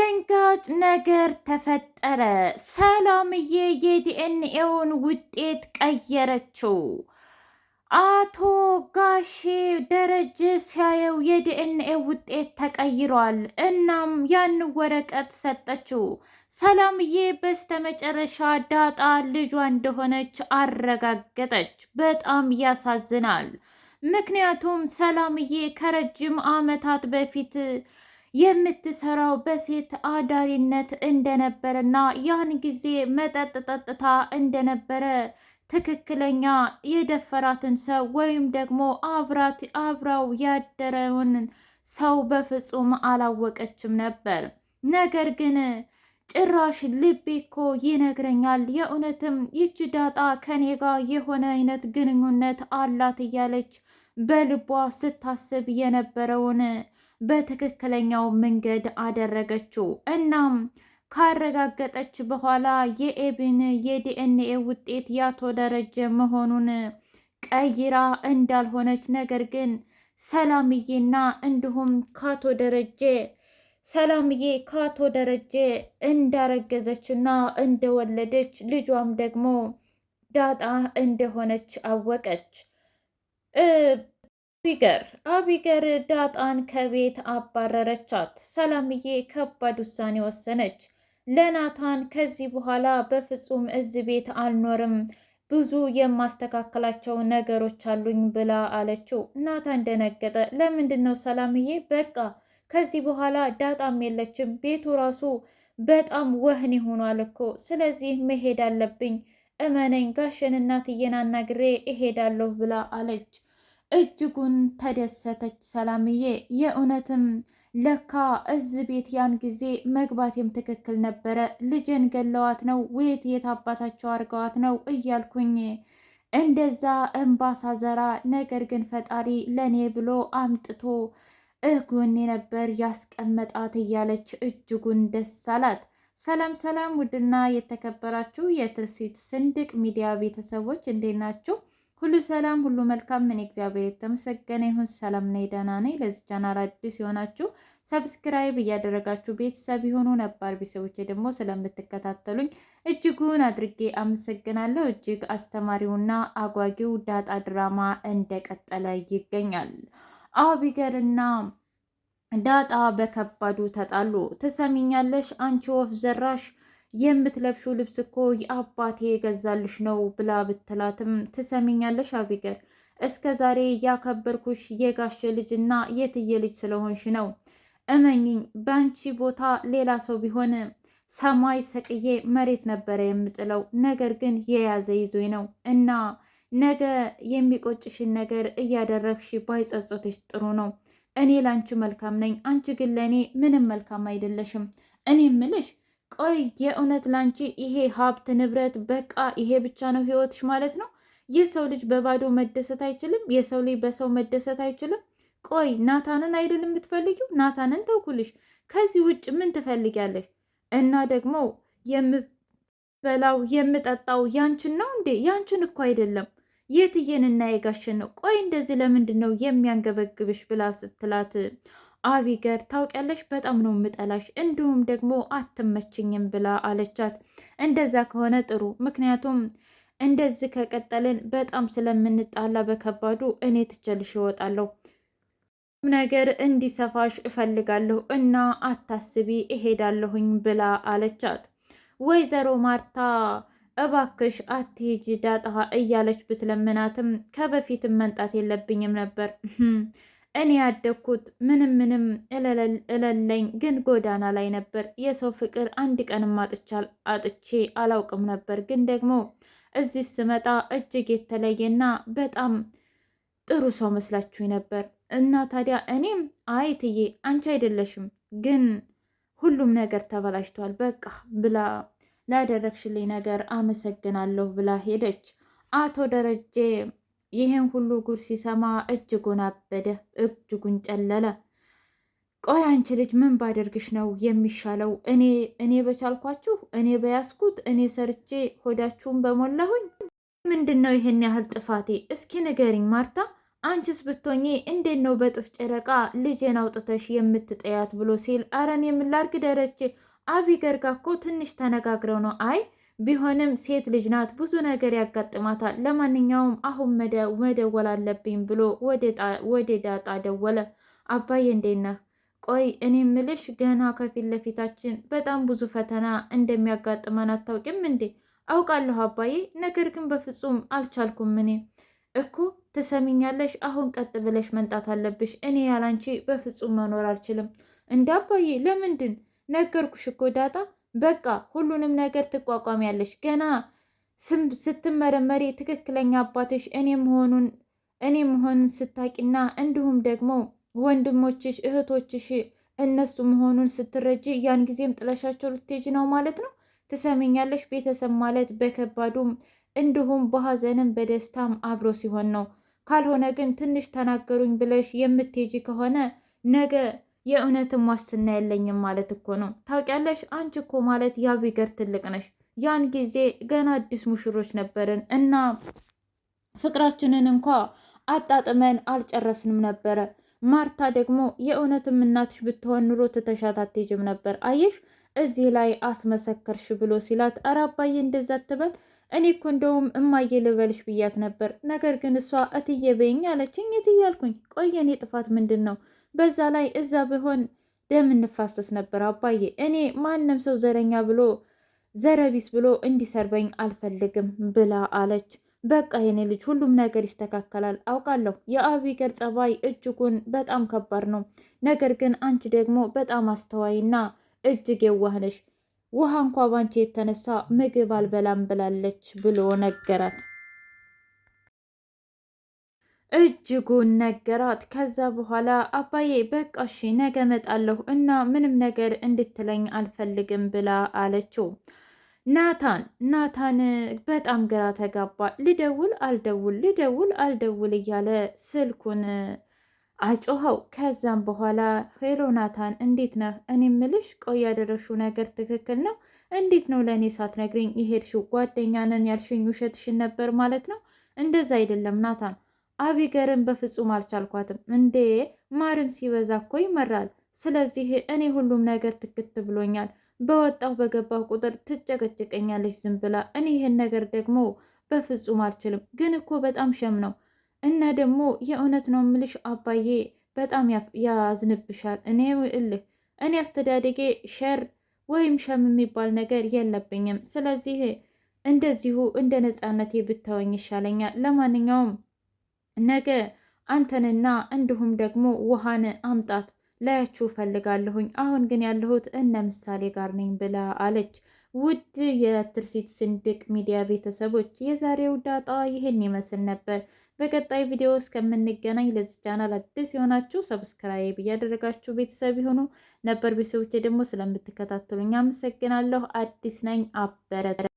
አስደንጋጭ ነገር ተፈጠረ። ሰላምዬ የዲኤንኤውን ውጤት ቀየረችው። አቶ ጋሼ ደረጀ ሲያየው የዲኤንኤ ውጤት ተቀይሯል። እናም ያን ወረቀት ሰጠችው። ሰላምዬ በስተመጨረሻ ዳጣ ልጇ እንደሆነች አረጋገጠች። በጣም ያሳዝናል። ምክንያቱም ሰላምዬ ከረጅም ዓመታት በፊት የምትሰራው በሴት አዳሪነት እንደነበረና ያን ጊዜ መጠጥ ጠጥታ እንደነበረ ትክክለኛ የደፈራትን ሰው ወይም ደግሞ አብራት አብራው ያደረውን ሰው በፍጹም አላወቀችም ነበር። ነገር ግን ጭራሽ ልቤ እኮ ይነግረኛል የእውነትም ይች ዳጣ ከኔ ጋር የሆነ አይነት ግንኙነት አላት እያለች በልቧ ስታስብ የነበረውን በትክክለኛው መንገድ አደረገችው። እናም ካረጋገጠች በኋላ የኤቢን የዲኤንኤ ውጤት ያቶ ደረጀ መሆኑን ቀይራ እንዳልሆነች ነገር ግን ሰላምዬና እንዲሁም ካቶ ደረጀ ሰላምዬ ካቶ ደረጀ እንዳረገዘችና እንደወለደች ልጇም ደግሞ ዳጣ እንደሆነች አወቀች። አቢገር አቢገር ዳጣን ከቤት አባረረቻት። ሰላምዬ ከባድ ውሳኔ ወሰነች። ለናታን ከዚህ በኋላ በፍጹም እዚህ ቤት አልኖርም፣ ብዙ የማስተካከላቸው ነገሮች አሉኝ ብላ አለችው። ናታን ደነገጠ። ለምንድን ነው ሰላምዬ? በቃ ከዚህ በኋላ ዳጣም የለችም፣ ቤቱ ራሱ በጣም ወህኒ ሆኗል እኮ ስለዚህ መሄድ አለብኝ፣ እመነኝ፣ ጋሸን እናትዬን አናግሬ እሄዳለሁ ብላ አለች። እጅጉን ተደሰተች። ሰላምዬ የእውነትም ለካ እዚህ ቤት ያን ጊዜ መግባቴም ትክክል ነበረ። ልጄን ገለዋት ነው ወይት የት አባታቸው አድርገዋት ነው እያልኩኝ እንደዛ እምባሳ ዘራ ነገር ግን ፈጣሪ ለእኔ ብሎ አምጥቶ እጎኔ ነበር ያስቀመጣት እያለች እጅጉን ደስ አላት። ሰላም ሰላም! ውድና የተከበራችሁ የትርሲት ስንድቅ ሚዲያ ቤተሰቦች እንዴት ናችሁ? ሁሉ ሰላም፣ ሁሉ መልካም። ምን እግዚአብሔር የተመሰገነ ይሁን። ሰላም ነኝ፣ ደህና ነኝ። ለዚህ ቻናል አዲስ የሆናችሁ ሰብስክራይብ እያደረጋችሁ ቤተሰብ የሆኑ ነባር ቤተሰቦቼ ደግሞ ስለምትከታተሉኝ እጅጉን አድርጌ አመሰግናለሁ። እጅግ አስተማሪውና አጓጊው ዳጣ ድራማ እንደቀጠለ ይገኛል። አቢገልና ዳጣ በከባዱ ተጣሉ። ትሰሚኛለሽ አንቺ ወፍ ዘራሽ የምትለብሹ ልብስ እኮ የአባቴ የገዛልሽ ነው ብላ ብትላትም ትሰሚኛለሽ አቢገል እስከ ዛሬ ያከበርኩሽ የጋሸ ልጅ እና የትየ ልጅ ስለሆንሽ ነው። እመኝኝ በአንቺ ቦታ ሌላ ሰው ቢሆን ሰማይ ሰቅዬ መሬት ነበረ የምጥለው። ነገር ግን የያዘ ይዞኝ ነው እና ነገ የሚቆጭሽን ነገር እያደረግሽ ባይጸጸትሽ ጥሩ ነው። እኔ ለአንቺ መልካም ነኝ፣ አንቺ ግን ለእኔ ምንም መልካም አይደለሽም። እኔ ምልሽ ቆይ የእውነት ላንቺ ይሄ ሀብት ንብረት በቃ ይሄ ብቻ ነው ህይወትሽ ማለት ነው? የሰው ልጅ በባዶ መደሰት አይችልም። የሰው ልጅ በሰው መደሰት አይችልም። ቆይ ናታንን አይደል የምትፈልጊው? ናታንን ተውኩልሽ። ከዚህ ውጭ ምን ትፈልጊያለሽ? እና ደግሞ የምበላው የምጠጣው ያንችን ነው እንዴ? ያንችን እኮ አይደለም የትዬን እና የጋሸን ነው። ቆይ እንደዚህ ለምንድን ነው የሚያንገበግብሽ? ብላ ስትላት አቢገር ታውቂያለሽ፣ በጣም ነው የምጠላሽ፣ እንዲሁም ደግሞ አትመችኝም ብላ አለቻት። እንደዛ ከሆነ ጥሩ፣ ምክንያቱም እንደዚህ ከቀጠልን በጣም ስለምንጣላ በከባዱ እኔ ትቸልሽ እወጣለሁ ነገር እንዲሰፋሽ እፈልጋለሁ እና አታስቢ እሄዳለሁኝ ብላ አለቻት። ወይዘሮ ማርታ እባክሽ አትሄጂ ዳጣ እያለች ብትለምናትም ከበፊትም መንጣት የለብኝም ነበር እኔ ያደግኩት ምንም ምንም እለለኝ ግን ጎዳና ላይ ነበር። የሰው ፍቅር አንድ ቀንም አጥቼ አላውቅም ነበር። ግን ደግሞ እዚህ ስመጣ እጅግ የተለየና በጣም ጥሩ ሰው መስላችሁ ነበር። እና ታዲያ እኔም አይ ትዬ አንቺ አይደለሽም፣ ግን ሁሉም ነገር ተበላሽቷል በቃ ብላ ላደረግሽልኝ ነገር አመሰግናለሁ ብላ ሄደች። አቶ ደረጀ ይህን ሁሉ ጉድ ሲሰማ እጅጉን አበደ፣ እጅጉን ጨለለ። ቆይ አንቺ ልጅ ምን ባደርግሽ ነው የሚሻለው? እኔ እኔ በቻልኳችሁ እኔ በያዝኩት እኔ ሰርቼ ሆዳችሁን በሞላሁኝ። ምንድን ነው ይህን ያህል ጥፋቴ? እስኪ ንገሪኝ ማርታ። አንቺስ ብትሆኚ እንዴት ነው በጥፍ ጨረቃ ልጄን አውጥተሽ የምትጠያት ብሎ ሲል አረን የምላርግ ደረቼ አቢ ገርጋ እኮ ትንሽ ተነጋግረው ነው አይ ቢሆንም ሴት ልጅ ናት፣ ብዙ ነገር ያጋጥማታል። ለማንኛውም አሁን መደወል አለብኝ ብሎ ወደ ዳጣ ደወለ። አባዬ እንዴት ነህ? ቆይ እኔ ምልሽ ገና ከፊት ለፊታችን በጣም ብዙ ፈተና እንደሚያጋጥመን አታውቂም እንዴ? አውቃለሁ አባዬ፣ ነገር ግን በፍጹም አልቻልኩም። እኔ እኮ ትሰሚኛለሽ፣ አሁን ቀጥ ብለሽ መንጣት አለብሽ። እኔ ያላንቺ በፍጹም መኖር አልችልም። እንደ አባዬ ለምንድን? ነገርኩሽ እኮ ዳጣ በቃ ሁሉንም ነገር ትቋቋሚያለሽ። ገና ስትመረመሪ ትክክለኛ አባትሽ እኔ መሆኑን እኔ መሆኑን ስታቂና እንዲሁም ደግሞ ወንድሞችሽ እህቶችሽ እነሱ መሆኑን ስትረጂ ያን ጊዜም ጥለሻቸው ልትሄጂ ነው ማለት ነው። ትሰሚኛለሽ? ቤተሰብ ማለት በከባዱም እንዲሁም በሐዘንም በደስታም አብሮ ሲሆን ነው። ካልሆነ ግን ትንሽ ተናገሩኝ ብለሽ የምትሄጂ ከሆነ ነገ የእውነትም ዋስትና የለኝም ማለት እኮ ነው። ታውቂያለሽ፣ አንቺ እኮ ማለት የአቢገር ትልቅ ነሽ። ያን ጊዜ ገና አዲስ ሙሽሮች ነበርን እና ፍቅራችንን እንኳ አጣጥመን አልጨረስንም ነበረ። ማርታ ደግሞ የእውነትም እናትሽ ብትሆን ኑሮ ትተሻት አትሄጂም ነበር። አየሽ እዚህ ላይ አስመሰከርሽ ብሎ ሲላት፣ ኧረ አባዬ እንደዛ ትበል እኔ እኮ እንደውም እማዬ ልበልሽ ብያት ነበር። ነገር ግን እሷ እትዬ በይኝ አለችኝ። እትዬ አልኩኝ። ቆይ የኔ ጥፋት ምንድን ነው? በዛ ላይ እዛ ብሆን ደም እንፋሰስ ነበር አባዬ። እኔ ማንም ሰው ዘረኛ ብሎ ዘረቢስ ብሎ እንዲሰርበኝ አልፈልግም ብላ አለች። በቃ የኔ ልጅ ሁሉም ነገር ይስተካከላል። አውቃለሁ የአቢገል ጸባይ እጅጉን በጣም ከባድ ነው። ነገር ግን አንቺ ደግሞ በጣም አስተዋይና እጅግ የዋህነሽ ውሃ እንኳ ባንቺ የተነሳ ምግብ አልበላም ብላለች ብሎ ነገራት። እጅጉን ነገራት። ከዛ በኋላ አባዬ በቃሺ ነገ መጣለሁ እና ምንም ነገር እንድትለኝ አልፈልግም ብላ አለችው። ናታን ናታን በጣም ግራ ተጋባ። ልደውል አልደውል ልደውል አልደውል እያለ ስልኩን አጮኸው። ከዛም በኋላ ሄሎ ናታን እንዴት ነህ? እኔ ምልሽ ቆይ ያደረግሽው ነገር ትክክል ነው? እንዴት ነው ለእኔ ሳትነግሪኝ የሄድሽው? ጓደኛ ነን ያልሽኝ ውሸትሽን ነበር ማለት ነው? እንደዛ አይደለም ናታን አቢገርን በፍጹም አልቻልኳትም። እንዴ ማርም ሲበዛ እኮ ይመራል። ስለዚህ እኔ ሁሉም ነገር ትክት ብሎኛል። በወጣሁ በገባሁ ቁጥር ትጨቀጭቀኛለች ዝም ብላ። እኔ ይህን ነገር ደግሞ በፍጹም አልችልም። ግን እኮ በጣም ሸም ነው እና ደግሞ የእውነት ነው ምልሽ አባዬ በጣም ያዝንብሻል። እኔ እልህ እኔ አስተዳደጌ ሸር ወይም ሸም የሚባል ነገር የለብኝም። ስለዚህ እንደዚሁ እንደ ነፃነቴ ብታወኝ ይሻለኛል። ለማንኛውም ነገ አንተንና እንዲሁም ደግሞ ውሃን አምጣት ላያችሁ ፈልጋለሁኝ። አሁን ግን ያለሁት እነ ምሳሌ ጋር ነኝ ብላ አለች። ውድ የትርሲት ስንድቅ ሚዲያ ቤተሰቦች የዛሬው ዳጣ ይህን ይመስል ነበር። በቀጣይ ቪዲዮ እስከምንገናኝ ለዚህ ቻናል አዲስ የሆናችሁ ሰብስክራይብ እያደረጋችሁ ቤተሰብ የሆኑ ነበር ቤተሰቦች ደግሞ ስለምትከታተሉኝ አመሰግናለሁ። አዲስ ነኝ አበረ